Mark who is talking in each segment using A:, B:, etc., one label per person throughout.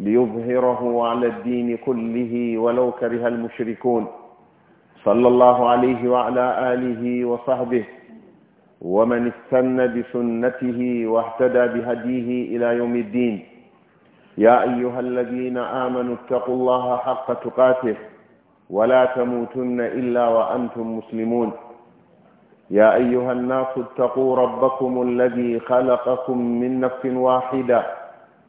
A: ليظهره على الدين كله ولو كره المشركون صلى الله عليه وعلى آله وصحبه ومن استنى بسنته واهتدى بهديه إلى يوم الدين يا أيها الذين آمنوا اتقوا الله حق تقاته ولا تموتن إلا وأنتم مسلمون يا أيها الناس اتقوا ربكم الذي خلقكم من نفس واحده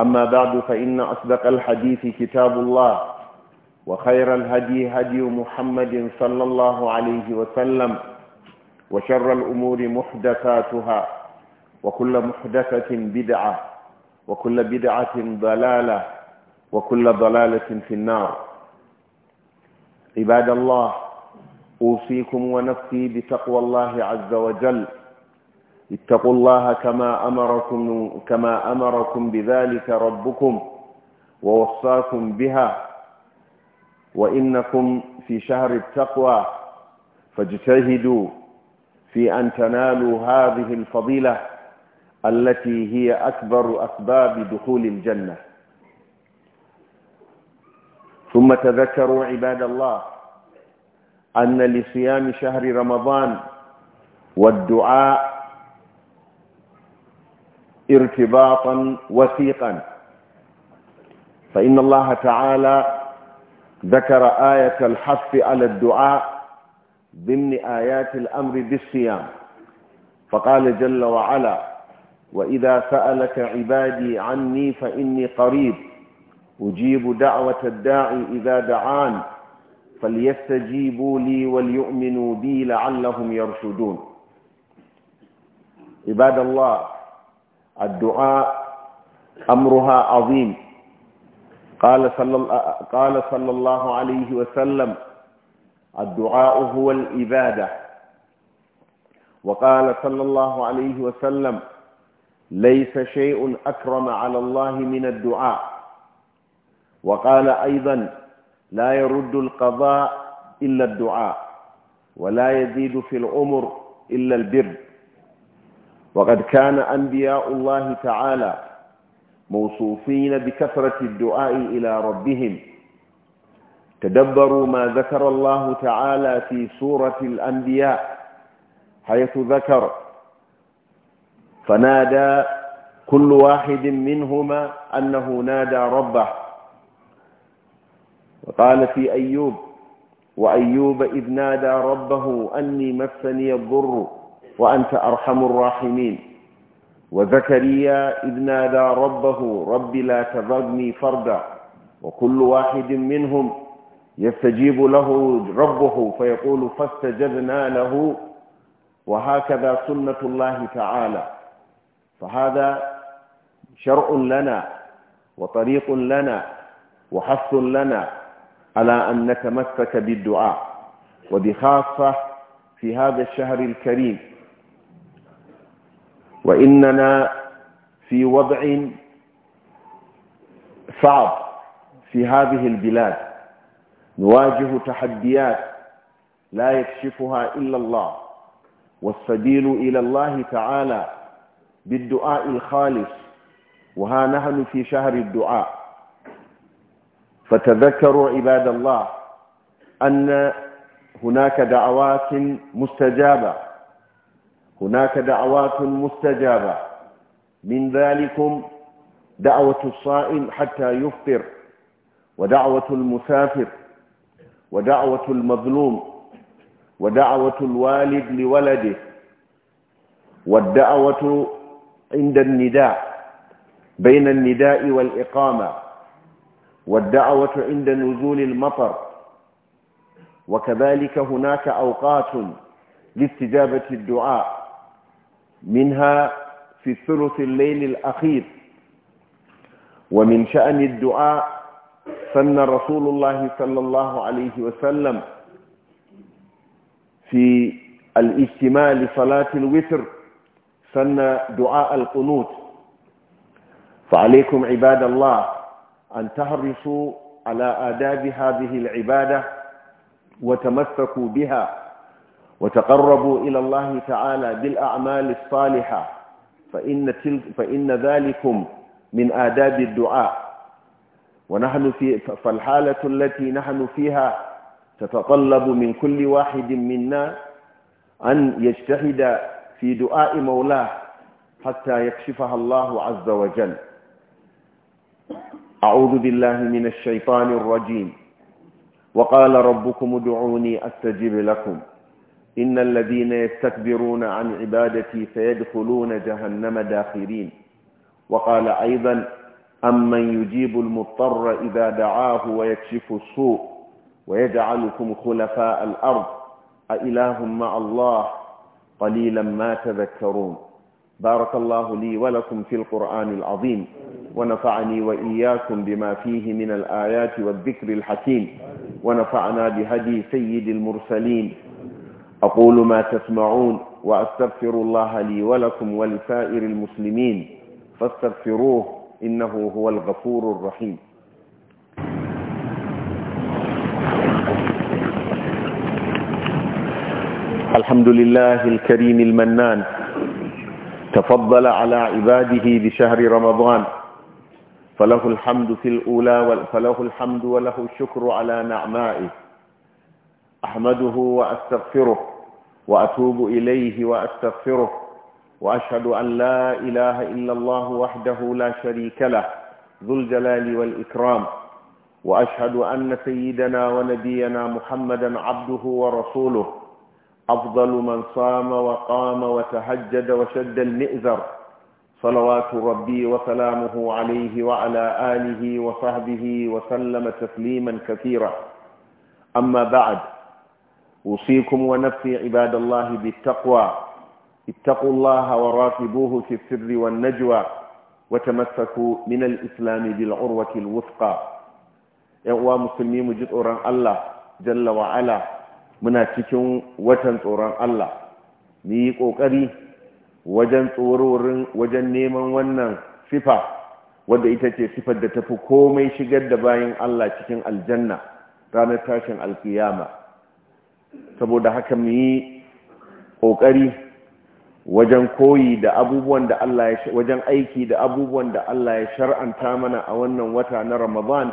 A: أما بعد فإن أصدق الحديث كتاب الله وخير الهدي هدي محمد صلى الله عليه وسلم وشر الأمور محدثاتها وكل محدثة بدعة وكل بدعة ضلالة وكل ضلالة في النار عباد الله أوصيكم ونفسي بتقوى الله عز وجل اتقوا الله كما أمركم, كما أمركم بذلك ربكم ووصاكم بها وإنكم في شهر التقوى فاجتهدوا في أن تنالوا هذه الفضيلة التي هي أكبر أسباب دخول الجنة ثم تذكروا عباد الله أن لصيام شهر رمضان والدعاء ارتباطا وثيقا فإن الله تعالى ذكر آية الحث على الدعاء ضمن آيات الأمر بالصيام فقال جل وعلا وإذا سألك عبادي عني فإني قريب أجيب دعوة الداعي إذا دعان فليستجيبوا لي وليؤمنوا بي لعلهم يرشدون عباد الله الدعاء أمرها عظيم قال صلى, قال صلى الله عليه وسلم الدعاء هو الإبادة وقال صلى الله عليه وسلم ليس شيء أكرم على الله من الدعاء وقال أيضا لا يرد القضاء إلا الدعاء ولا يزيد في العمر إلا البر وقد كان أنبياء الله تعالى موصوفين بكثرة الدعاء إلى ربهم تدبروا ما ذكر الله تعالى في سورة الأنبياء حيث ذكر فنادى كل واحد منهما أنه نادى ربه وقال في أيوب وأيوب إذ نادى ربه أني مسني الضر وأنت أرحم الراحمين وزكريا إذ نادى ربه رب لا تذرني فردا وكل واحد منهم يستجيب له ربه فيقول فاستجبنا له وهكذا سنة الله تعالى فهذا شرع لنا وطريق لنا وحث لنا على أن نتمسك بالدعاء وبخاصة في هذا الشهر الكريم وإننا في وضع صعب في هذه البلاد نواجه تحديات لا يكشفها إلا الله والسبيل إلى الله تعالى بالدعاء الخالص وها نحن في شهر الدعاء فتذكروا عباد الله أن هناك دعوات مستجابة هناك دعوات مستجابة من ذلكم دعوة الصائم حتى يفطر ودعوة المسافر ودعوة المظلوم ودعوة الوالد لولده والدعوة عند النداء بين النداء والإقامة والدعوة عند نزول المطر وكذلك هناك أوقات لاستجابة الدعاء منها في ثلث الليل الأخير ومن شأن الدعاء سن رسول الله صلى الله عليه وسلم في الاجتماع لصلاة الوتر سن دعاء القنوت فعليكم عباد الله أن تحرصوا على آداب هذه العبادة وتمسكوا بها وتقربوا إلى الله تعالى بالأعمال الصالحة فإن, تلك فإن ذلكم من آداب الدعاء ونحن في فالحالة التي نحن فيها تتطلب من كل واحد منا أن يجتهد في دعاء مولاه حتى يكشفها الله عز وجل أعوذ بالله من الشيطان الرجيم وقال ربكم ادعوني أستجب لكم إن الذين يستكبرون عن عبادتي سيدخلون جهنم داخرين وقال أيضا أمن يجيب المضطر إذا دعاه ويكشف السوء ويجعلكم خلفاء الأرض أإله مع الله قليلا ما تذكرون بارك الله لي ولكم في القرآن العظيم ونفعني وإياكم بما فيه من الآيات والذكر الحكيم ونفعنا بهدي سيد المرسلين أقول ما تسمعون وأستغفر الله لي ولكم ولسائر المسلمين فاستغفروه إنه هو الغفور الرحيم الحمد لله الكريم المنان تفضل على عباده بشهر رمضان فله الحمد في الأولى فله الحمد وله الشكر على نعمائه أحمده وأستغفره وأتوب إليه وأستغفره وأشهد أن لا إله إلا الله وحده لا شريك له ذو الجلال والإكرام وأشهد أن سيدنا ونبينا محمدا عبده ورسوله أفضل من صام وقام وتهجد وشد المئزر صلوات ربي وسلامه عليه وعلى آله وصحبه وسلم تسليما كثيرا أما بعد أوصيكم ونفسي عباد الله بالتقوى اتقوا الله وراقبوه في السر والنجوى وتمسكوا من الإسلام بالعروة الوثقى يقوى مسلمين مجد أوران الله جل وعلا منا تكون وتن أوران الله ميك أوكري وجن تورور وجن نيمان ونن صفة wadda ita ce sifar da tafi komai shigar da bayan Allah cikin aljanna ranar tashin alkiyama saboda haka mu yi ƙoƙari wajen koyi da abubuwan da Allah ya wajen aiki da abubuwan da Allah ya shar'anta mana a wannan wata na Ramadan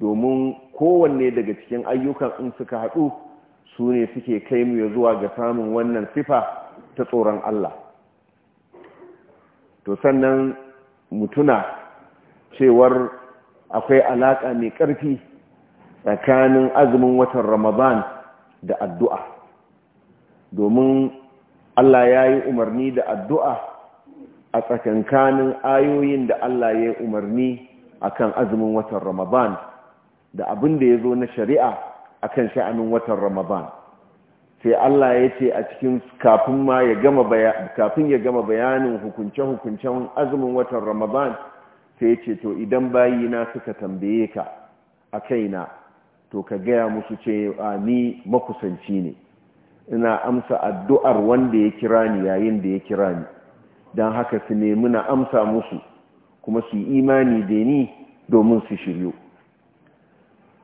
A: domin kowanne daga cikin ayyukan in suka haɗu su ne suke kai mu ya zuwa ga samun wannan sifa ta tsoron Allah to sannan mutuna cewar akwai alaƙa mai ƙarfi tsakanin azumin watan Ramadan da addu'a domin Allah ya yi umarni da addu'a a tsakankanin ayoyin da Allah ya yi umarni a kan azumin watan Ramadan da abin da ya zo na shari'a a kan sha'anin watan Ramadan sai Allah ya ce a cikin kafin ya gama bayanin hukunce-hukuncen azumin watan Ramadan sai ya ce to idan bayi na suka tambaye ka a kaina to ka gaya musu ce a ni makusanci ne ina amsa addu'ar wanda ya kira ni yayin da ya kira ni don haka su nemi na amsa musu kuma su yi imani da ni domin su shiryu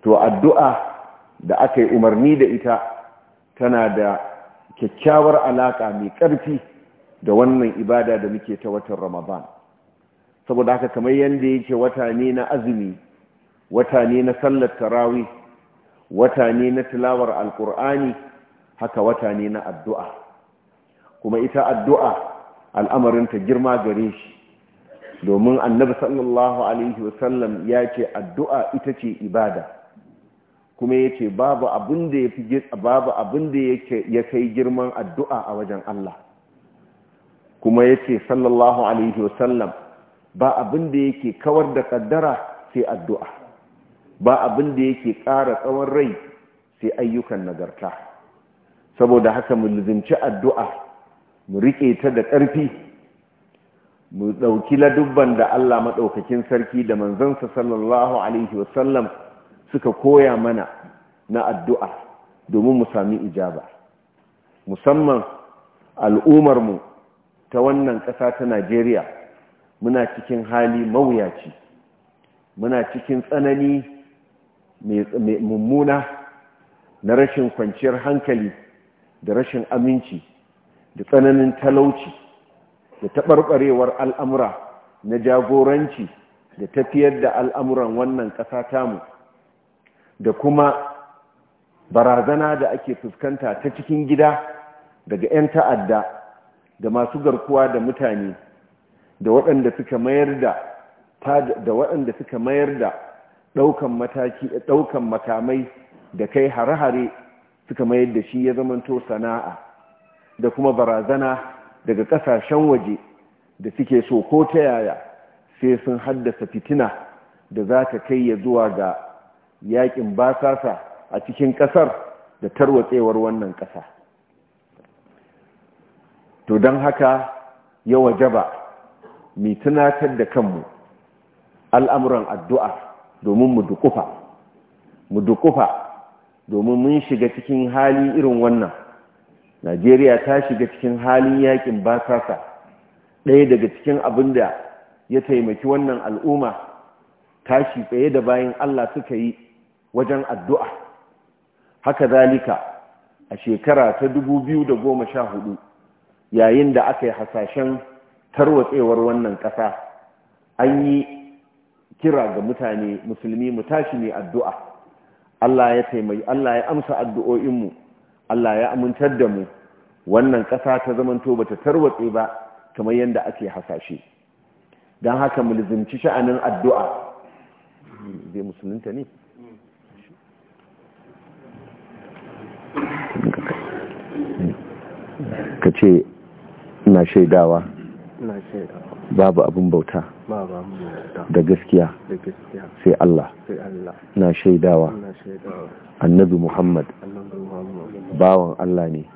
A: to addu'a da aka yi umarni da ita tana da kyakkyawar alaƙa mai ƙarfi da wannan ibada da muke ta watan ramadan saboda haka kamar yadda yake wata ne na azumi wata ne na sallar tarawih wata ne na tilawar alkur'ani haka wata ne na addu'a kuma ita addu'a al'amarin ta girma gare shi domin annabi sallallahu alaihi wasallam ya ce addu'a ita ce ibada kuma ya ce babu abin da ya kai girman addu'a a wajen Allah kuma ya ce sallallahu alaihi wasallam ba abin da yake kawar da kaddara sai addu'a ba abin da yake ƙara tsawon rai sai ayyukan nagarta saboda haka mu lizimci addu'a mu riƙe ta da ƙarfi mu ɗauki ladubban da Allah maɗaukakin sarki da manzansa sallallahu alaihi wasallam suka koya mana na addu'a domin mu sami ijaba musamman al'umarmu ta wannan ƙasa ta Najeriya muna cikin hali mawuyaci muna cikin tsanani mummuna na rashin kwanciyar hankali da rashin aminci da tsananin talauci da taɓarɓarewar al'amura na jagoranci da tafiyar da al'amuran wannan ƙasa tamu da kuma barazana da ake fuskanta ta cikin gida daga 'yan ta'adda da masu garkuwa da mutane da waɗanda suka mayar da ɗaukan mataki ɗaukan makamai da kai hare-hare suka mayar da shi ya zamanto sana'a da kuma barazana daga ƙasashen waje da suke so ko ta yaya sai sun haddasa fitina da za ta kai ya zuwa ga yaƙin basasa a cikin ƙasar da tarwatsewar wannan ƙasa to don haka ya wajaba mai tunatar da kanmu al'amuran addu'a domin mu dukufa mu dukufa domin mun shiga cikin hali irin wannan Najeriya ta shiga cikin halin yakin basasa ɗaya daga cikin abin da ya taimaki wannan al'umma tashi tsaye da bayan Allah suka yi wajen addu'a haka zalika a shekara ta dubu biyu da goma sha 2014 yayin da aka yi hasashen tarwatsewar wannan ƙasa an yi kira ga mutane musulmi mu tashi ne addu'a Allah ya taimai, Allah ya amsa addu'o'inmu Allah ya amintar da mu wannan ƙasa ta zamanto ta tarwatse ba kamar yadda ake hasashe don haka mu sha'anin addu'a zai musulunta ne ka ce na shaidawa babu abin bauta da gaskiya sai Allah na shaidawa annabi Muhammad bawan Allah ne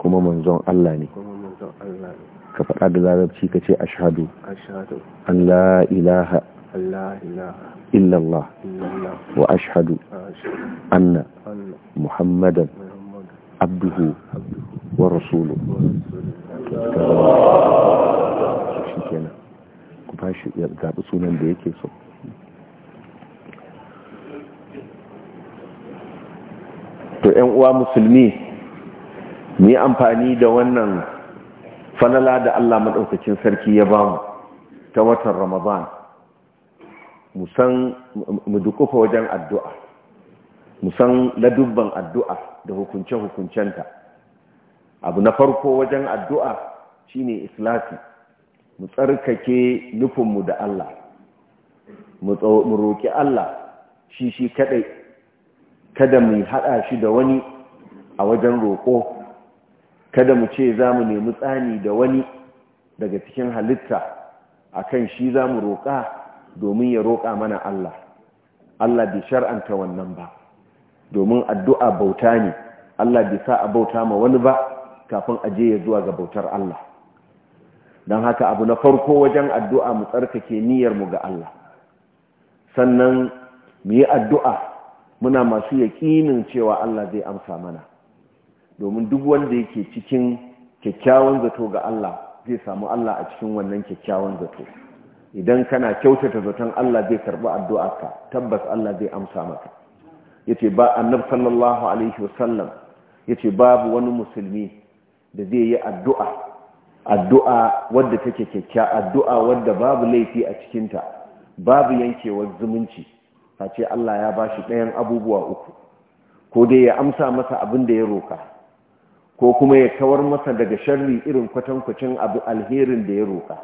A: kuma manzon Allah ne ka faɗa da larabci ka ce ashadu an la ilaha illallah wa ashadu anna muhammadan abduhu wa rasuluhu shi kenan ku ya sunan da yake so to ‘yan uwa musulmi mu amfani da wannan fanala da Allah maɗaukacin sarki ya ba mu ta watan ramadan mu mudukufa wajen addu'a musan ladubban addu'a da hukunce-hukuncenta abu na farko wajen addu'a shine islasi mu tsarkake nufinmu da Allah mu roƙi Allah shi shi kaɗai kada mu haɗa shi da wani a wajen roƙo kada mu ce za mu nemi tsani da wani daga cikin halitta a kan shi za mu roƙa domin ya roƙa mana Allah Allah bai shar'anta wannan ba domin addu'a bauta ne Allah bai sa a bauta ma wani ba kafin a je ya zuwa ga bautar Allah don haka abu na farko wajen addu'a mu tsarkake mu ga Allah sannan mu yi addu'a muna masu yaƙinin cewa Allah zai amsa mana domin duk wanda yake cikin kyakkyawan zato ga Allah zai samu Allah a cikin wannan kyakkyawan zato idan kana kyautata zaton Allah zai karɓi addu'a ka, tabbas Allah zai amsa maka yace ba annab sallallahu alaihi wasallam yace babu wani musulmi da zai yi addu'a addu'a wadda take kyakkya addu'a wadda babu laifi a cikinta babu yankewar zumunci ce Allah ya bashi ɗayan abubuwa uku ko dai ya amsa masa abin da ya roka ko kuma ya kawar masa daga sharri irin kwatankwacin abu alherin da ya roka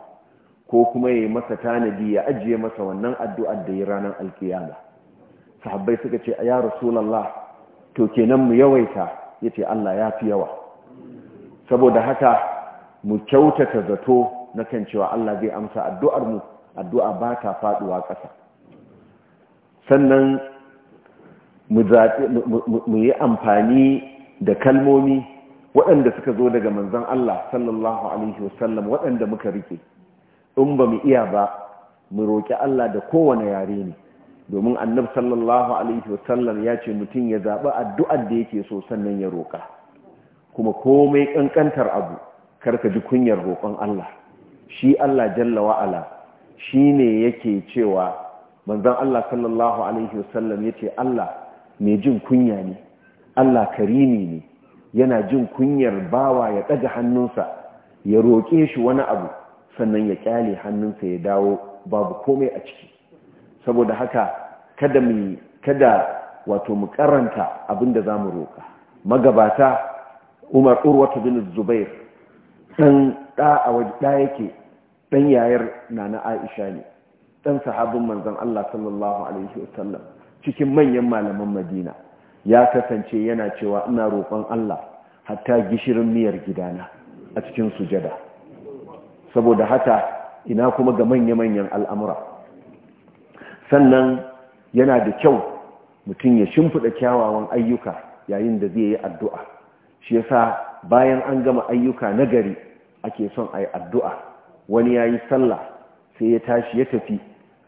A: ko kuma ya yi masa tanadi ya ajiye masa wannan addu'ar da ya ranar alkiyama sahabbai suka ce ya rasulallah to kenan mu yawaita ya ce Allah ya fi yawa saboda haka mu kyautata zato na kan cewa Allah zai amsa addu'ar mu addu'a ba ta faduwa ƙasa sannan mu yi amfani da kalmomi waɗanda suka zo daga manzan Allah sallallahu alaihi wasallam waɗanda muka rike in ba mu iya ba mu roƙi Allah da kowane yare ne domin annab sallallahu alaihi wasallam ya ce mutum ya zaɓi addu'ar da yake so sannan ya roƙa kuma komai ƙanƙantar abu karka ji kunyar roƙon Allah shi Allah jalla wa'ala shi ne yake cewa manzon Allah sallallahu alaihi wasallam yace Allah mai jin kunya ne Allah karimi ne yana jin kunyar bawa ya ɗaga hannunsa ya roƙe shi wani abu sannan ya ƙyale hannunsa ya dawo babu komai a ciki saboda haka kada mu kada wato mu karanta za mu roƙa magabata umar urwatu bin zubair Ɗan da a waje da yake dan yayar nana aisha ne dan sahabin manzon Allah sallallahu alaihi wasallam cikin manyan malaman madina ya kasance yana cewa ina roƙon Allah hatta gishirin miyar gidana a cikin sujada saboda haka ina kuma ga manya-manyan al'amura sannan yana da kyau mutum ya shimfiɗa kyawawan ayyuka yayin da zai yi addu'a shi yasa bayan an gama ayyuka na gari ake son a yi addu'a wani ya yi sallah sai ya tashi ya tafi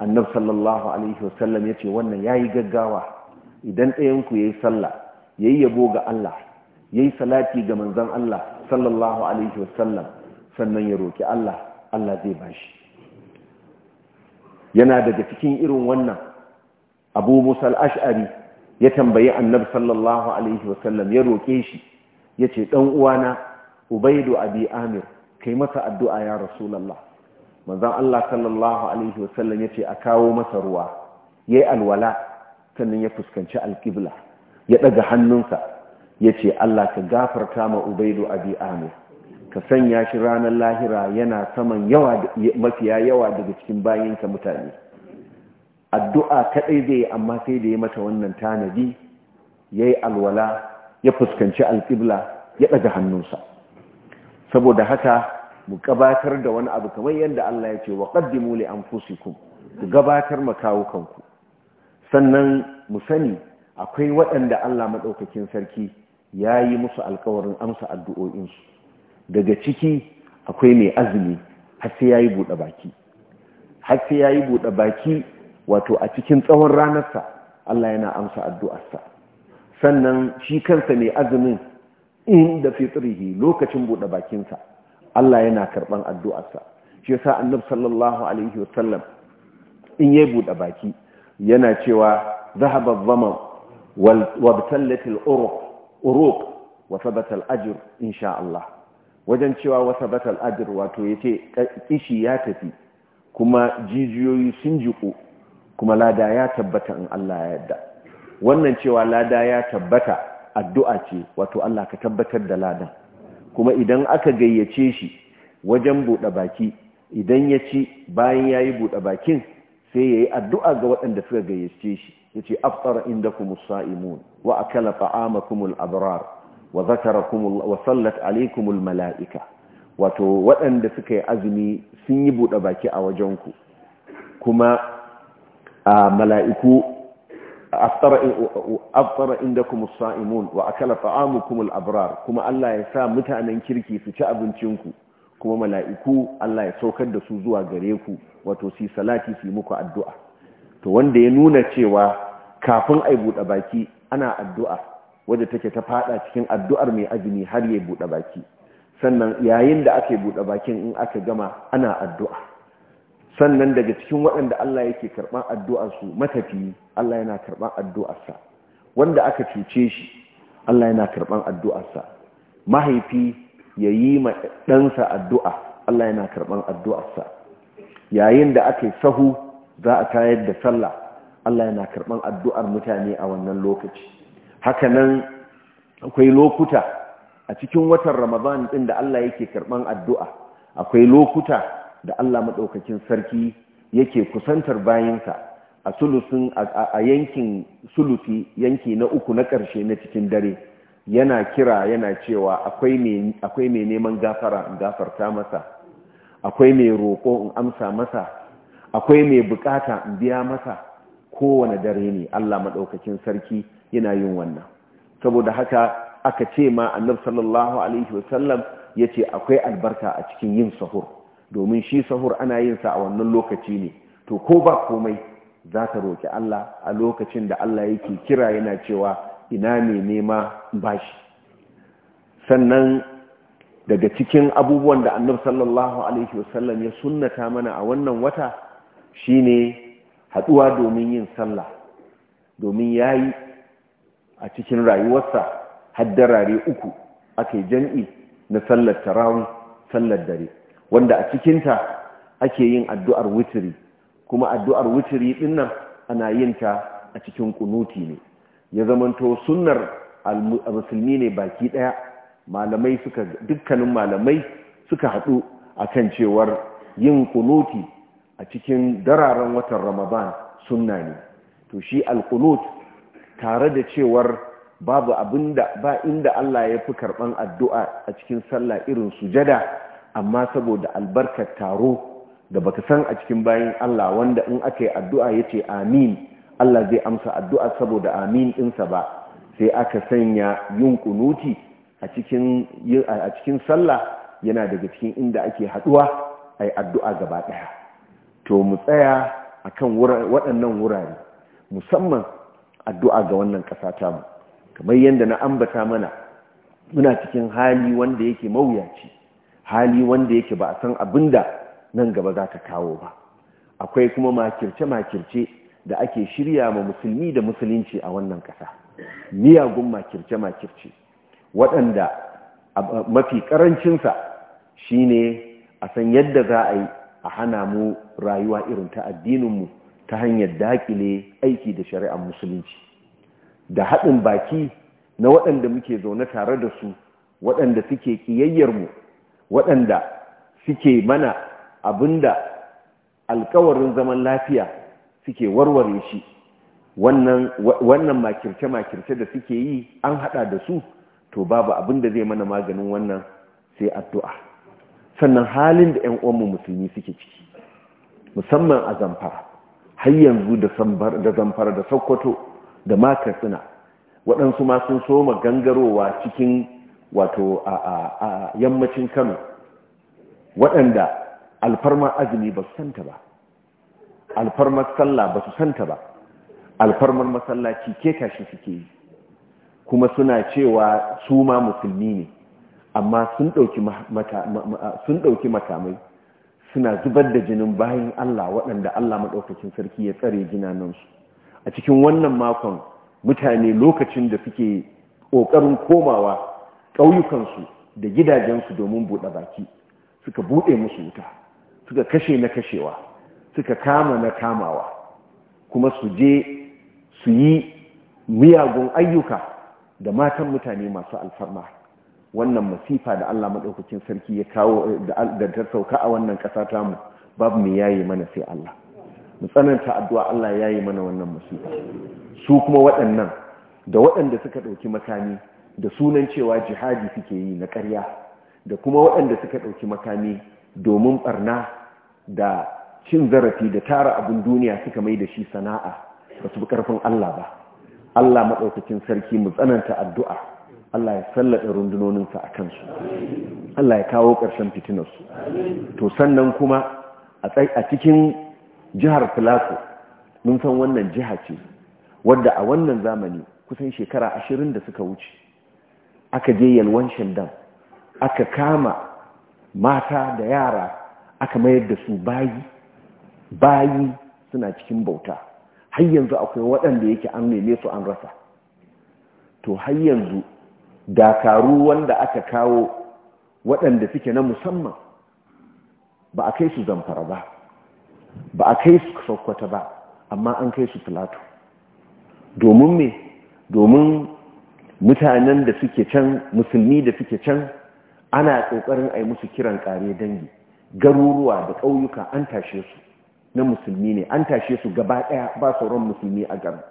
A: annab sallallahu alaihi wasallam ce wannan ya yi gaggawa idan ɗayanku ya yayi sallah yi yabo ga Allah ya yi salati ga manzon Allah sallallahu alaihi wasallam sannan ya roƙi Allah Allah zai shi yana daga cikin irin wannan abu musal ash'ari ya tambayi annab sallallahu alaihi wasallam ya roƙe shi ya ce ɗan uwana ubaidu abi amir kai masa addu'a ya rasulallah manzan Allah sallallahu alaihi wasallam ya ce a kawo masa ruwa ya yi alwala sannan ya fuskanci alƙibla ya ɗaga hannunsa ya ce Allah ka gafarta ma ubaidu abi amir ka sanya shi ranar lahira yana saman mafiya yawa daga cikin bayanka mutane addu'a kaɗai zai yi amma sai da ya mata wannan tanadi ya yi alwala ya fuskanci alƙibla ya ɗaga hannunsa saboda haka mu gabatar da wani abu kamar yadda Allah ya ce wa ƙaddimu li anfusikum ku gabatar makawukanku sannan mu sani akwai waɗanda Allah maɗaukakin sarki ya yi musu alkawarin amsa addu'o'insu daga ciki akwai mai azumi har sai yi buɗe baki har sai yi buɗe baki wato a cikin tsawon ranarsa Allah yana amsa addu'arsa sannan shi kansa mai azumin in da fitrihi lokacin buɗe bakinsa Allah yana karɓan addu'arsa shi yasa annabi sallallahu alaihi wasallam in ya buɗe baki yana cewa zahaba zaman al uruq wa thabata al-ajr insha Allah wajen cewa wa thabata al-ajr wato yace kishi ya tafi kuma jijiyoyi sun jiku kuma lada ya tabbata in Allah ya yarda wannan cewa lada ya tabbata addu'a ce wato Allah ka tabbatar da ladan kuma idan aka gayyace shi wajen buɗe baki idan ya ci bayan ya yi buɗe bakin sai ya yi addu'a ga waɗanda suka gayyace shi ya ce aftar inda kuma sa'imun wa akala ta'ama kuma wa zakara wa sallat mala'ika wato waɗanda suka yi azumi sun yi buɗe baki a wajenku kuma a mala'iku aftara inda kuma saimun wa akala ta'amukum al-abrar kuma Allah ya sa mutanen kirki su ci abincinku kuma mala'iku Allah ya saukar da su zuwa gare ku wato si salati su muku addu'a to wanda ya nuna cewa kafin yi buɗe baki ana addu'a wadda take ta fada cikin addu'ar mai azumi har ya buɗe baki sannan yayin da aka buɗe bakin in aka gama ana addu'a sannan daga cikin waɗanda Allah yake karɓar addu'arsu matafi Allah yana karɓa addu'arsa wanda aka cuce shi Allah yana karɓar addu'arsa mahaifi ya yi ma ɗansa addu'a Allah yana karɓar addu'arsa yayin da aka yi sahu za a tayar da sallah Allah yana karɓar addu'ar mutane a wannan lokaci nan, akwai lokuta a cikin watan ramadan ɗin da Allah yake karɓar addu'a akwai lokuta da Allah maɗaukakin sarki yake kusantar bayinsa a a yankin sulusi yanki na uku na ƙarshe na cikin dare yana kira yana cewa akwai mai neman gafara in gafarta masa akwai mai roƙo in amsa masa akwai mai bukata in biya masa kowane dare ne Allah maɗaukakin sarki yana yin wannan saboda haka aka ce ma annab sallallahu alaihi wasallam ya ce akwai albarka a cikin yin sahur domin shi sahur ana yin sa a wannan lokaci ne to ko ba komai za ta roki Allah a lokacin da Allah yake kira yana cewa ina ne nema bashi sannan daga cikin abubuwan da annabi sallallahu alaihi wasallam ya sunnata mana a wannan wata shine haduwa domin yin sallah domin yayi a cikin rayuwarsa haddarare uku aka jami'i na sallar tarawih sallar dare wanda a cikinta ake yin addu'ar wuturi kuma addu'ar wuturi dinnan ana yin ta a cikin kunuti ne ya zamanto sunnar musulmi ne baki ɗaya, malamai suka dukkanin malamai suka haɗu a kan cewar yin kunuti a cikin dararen watan ramadan sunna ne to shi alkunut tare da cewar babu abinda ba inda Allah ya fi karban addu'a a cikin sallah irin sujada amma saboda albarkar taro da baka san a cikin bayan Allah wanda in aka yi addu'a ya ce amin Allah zai amsa addu'a saboda amin ɗinsa ba sai aka sanya yin kunuti a cikin sallah yana daga cikin inda ake haɗuwa a yi addu'a gaba ɗaya to mu tsaya a kan waɗannan wurare musamman addu'a ga wannan ƙasa tamu kamar yadda na ambata mana muna cikin hali wanda yake mawuyaci hali wanda yake ba a san abin da nan gaba za ta kawo ba akwai kuma makirce-makirce da ake shirya ma musulmi da musulunci a wannan kasa. miyagun makirce-makirce waɗanda mafi ƙarancinsa shine a san yadda za a yi a hana mu rayuwa irin ta addininmu ta hanyar daƙile aiki da shari'ar musulunci da haɗin baki na waɗanda muke zaune tare da su waɗanda suke mu. waɗanda suke mana abinda alkawarin zaman lafiya suke warware shi wannan makirce-makirce da suke yi an haɗa da su to babu da zai mana maganin wannan sai addu'a sannan halin da ‘yan uwanmu musulmi suke ciki musamman a zamfara har yanzu da zamfara da sokoto da makarsuna waɗansu ma sun soma gangarowa cikin wato a yammacin kano waɗanda alfarmar azumi ba su santa ba alfarmar sallah ba su santa ba alfarmar masallaci ke tashi suke yi kuma suna cewa su ma musulmi ne amma sun ɗauki makamai suna zubar da jinin bayan Allah waɗanda Allah maɗaukacin sarki ya tsare jinanansu a cikin wannan makon mutane lokacin da suke ƙoƙarin komawa ƙauyukansu da gidajensu domin buɗe baki suka buɗe musu wuta suka kashe na kashewa suka kama na kamawa kuma su je su yi miyagun ayyuka da matan mutane masu alfarma wannan masifa da Allah maɗaukacin sarki ya kawo da ta sauka a wannan ƙasa mu, babu mai yayi mana sai Allah mu tsananta addu'a Allah yayi mana wannan masifa su kuma waɗannan da waɗanda suka ɗauki makami da sunan cewa jihadi suke yi na ƙarya da kuma waɗanda suka ɗauki makami domin ɓarna da cin zarafi da tara abin duniya suka mai da shi sana'a ba su ƙarfin Allah ba Allah maɗaukacin sarki mu tsananta addu'a Allah ya sallaɗa rundunoninsa a kansu Allah ya kawo ƙarshen fitinarsu to sannan kuma a cikin jihar Filato mun san wannan jiha ce wadda a wannan zamani kusan shekara ashirin da suka wuce aka je yalwan dan aka kama mata da yara aka mayar da su bayi bayi suna cikin bauta har yanzu akwai waɗanda yake an neme su an rasa to har yanzu dakaru wanda aka kawo waɗanda suke na musamman ba a kai su zamfara ba ba a kai su sokwata ba amma an kai su filato domin me domin mutanen da suke can musulmi da suke can ana ƙoƙarin a yi musu kiran ƙare dangi garuruwa da ƙauyuka an tashe su na musulmi ne an tashe su gaba ɗaya ba sauran musulmi a gaba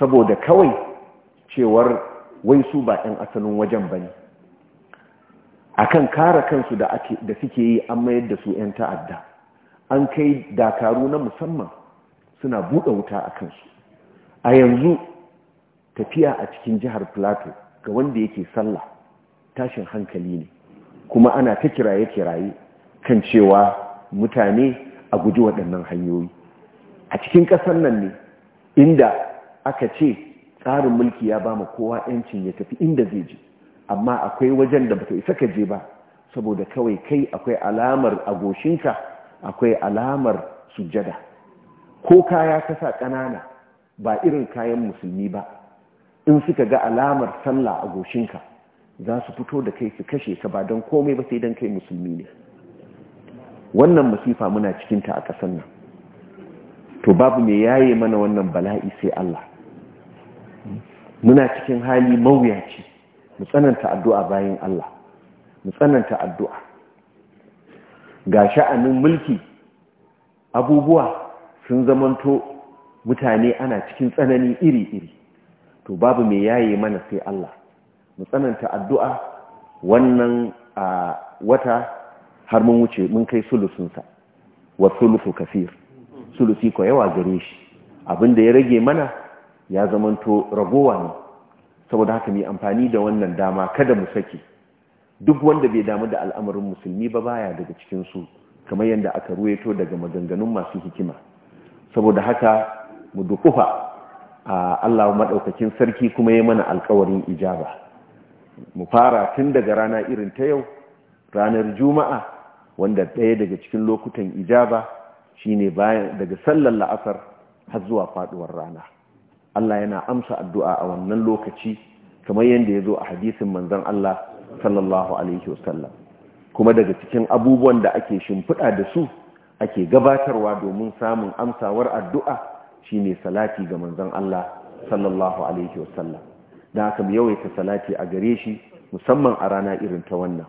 A: saboda kawai cewar wai su ba ɗan asalin wajen ba ne a kan kare kansu da suke yi an mayar da su 'yan ta'adda an kai dakaru na musamman suna buɗe wuta a kansu a yanzu tafiya a cikin jihar plateau ga wanda yake sallah tashin hankali ne kuma ana ta kiraye-kiraye kan cewa mutane a guji waɗannan hanyoyi a cikin ƙasar nan ne inda aka ce tsarin mulki ya ba mu kowa 'yancin ya tafi inda zai je amma akwai wajen da baka isa ka je ba saboda kawai kai akwai alamar agoshinka akwai alamar sujada ko kaya kasa ƙanana ba irin kayan musulmi ba in suka ga alamar sallah a goshinka za su fito da kai su kashe ka ba don komai ba sai don kai musulmi ne wannan masifa muna cikinta a ƙasar nan to babu mai yaye mana wannan bala'i sai Allah muna cikin hali mawuyaci mu tsananta addu'a bayan Allah mu tsananta addu'a ga sha'anin mulki abubuwa sun zamanto mutane ana cikin tsanani iri-iri to babu mai yaye mana sai Allah mu tsananta addu'a wannan a wata har mun wuce mun kai sulusunsa wa sulusu kafir sulusi ko yawa gare shi abinda ya rage mana ya zamanto ragowa ne saboda haka mai amfani da wannan dama kada mu sake duk wanda bai damu da al'amarin musulmi ba baya daga cikinsu kamar yadda aka ruweto daga maganganun masu hikima saboda haka mu dukufa Allah maɗaukakin sarki kuma ya mana alkawarin ijaba mu fara tun daga rana irin ta yau ranar juma'a wanda ɗaya daga cikin lokutan ijaba shine bayan daga sallar la'asar har zuwa faɗuwar rana Allah yana amsa addu'a a wannan lokaci kamar yadda ya zo a hadisin manzon Allah sallallahu alaihi wasallam kuma daga cikin abubuwan da ake shimfiɗa da su ake gabatarwa domin samun amsawar addu'a shi ne salati ga manzan Allah sallallahu alaihi wasallam da aka mu yawaita salati a gare shi musamman a rana irin ta wannan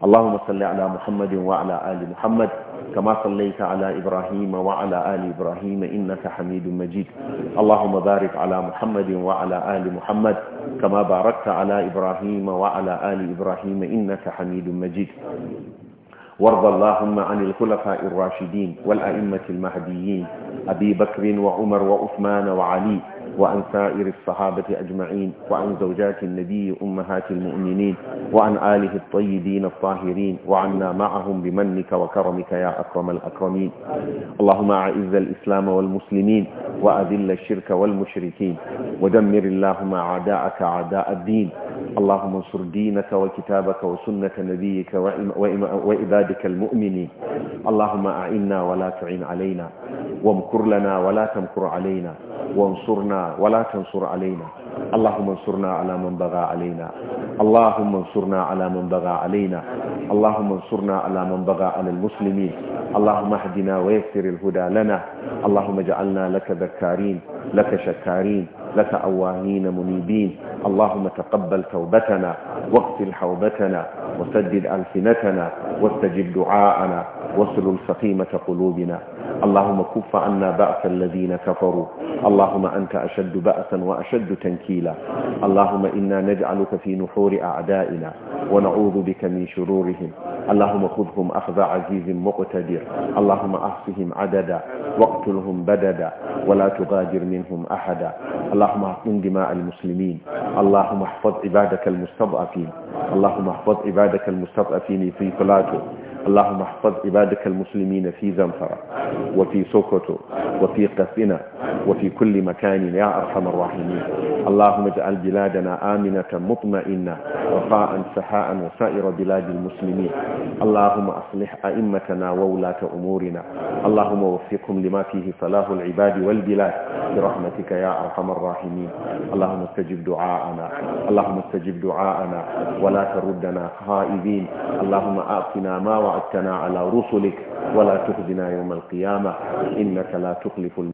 A: Allahumma salli ala Muhammad wa ali Muhammad kama sallaita ala Ibrahim wa ali Ibrahim innaka Hamidum Majid Allahumma barik ala Muhammad wa ala ali Muhammad kama barakta ala Ibrahim wa ali Ibrahim innaka Hamidum Majid وارض اللهم عن الخلفاء الراشدين والأئمة المهديين أبي بكر وعمر وعثمان وعلي وعن سائر الصحابة أجمعين وعن زوجات النبي أمهات المؤمنين وعن آله الطيبين الطاهرين وعنا معهم بمنك وكرمك يا أكرم الأكرمين اللهم أعز الإسلام والمسلمين وأذل الشرك والمشركين ودمر اللهم أعداءك أعداء الدين اللهم انصر دينك وكتابك وسنة نبيك وإبادك المؤمنين اللهم أعنا ولا تعين علينا وامكر لنا ولا تمكر علينا وانصرنا wala tansur alaina اللهم انصرنا على من بغى علينا اللهم انصرنا على من بغى علينا اللهم انصرنا على من بغى على المسلمين اللهم اهدنا ويسر الهدى لنا اللهم اجعلنا لك ذكارين لك شكارين لك أواهين منيبين اللهم تقبل توبتنا واغفر حوبتنا وسدد ألسنتنا واستجب دعاءنا وصل سقيمة قلوبنا اللهم كف عنا بأس الذين كفروا اللهم أنت أشد بأسا وأشد تنكيرا تنكيلا اللهم إنا نجعلك في نحور أعدائنا ونعوذ بك من شرورهم اللهم خذهم أخذ عزيز مقتدر اللهم أحصهم عددا واقتلهم بددا ولا تغادر منهم أحدا اللهم احقن دماء المسلمين اللهم احفظ عبادك المستضعفين اللهم احفظ عبادك المستضعفين في صلاته اللهم احفظ عبادك المسلمين في زنفرة وفي سكوت وفي قسنة وفي كل مكان يا أرحم الراحمين اللهم اجعل بلادنا آمنة مطمئنة رخاء سحاء وسائر بلاد المسلمين اللهم أصلح أئمتنا وولاة أمورنا اللهم وفقهم لما فيه صلاح العباد والبلاد برحمتك يا أرحم الراحمين اللهم استجب دعاءنا اللهم استجب دعاءنا ولا تردنا خائبين اللهم أعطنا ما وعدتنا على رسلك ولا تخزنا يوم القيامة إنك لا تخلف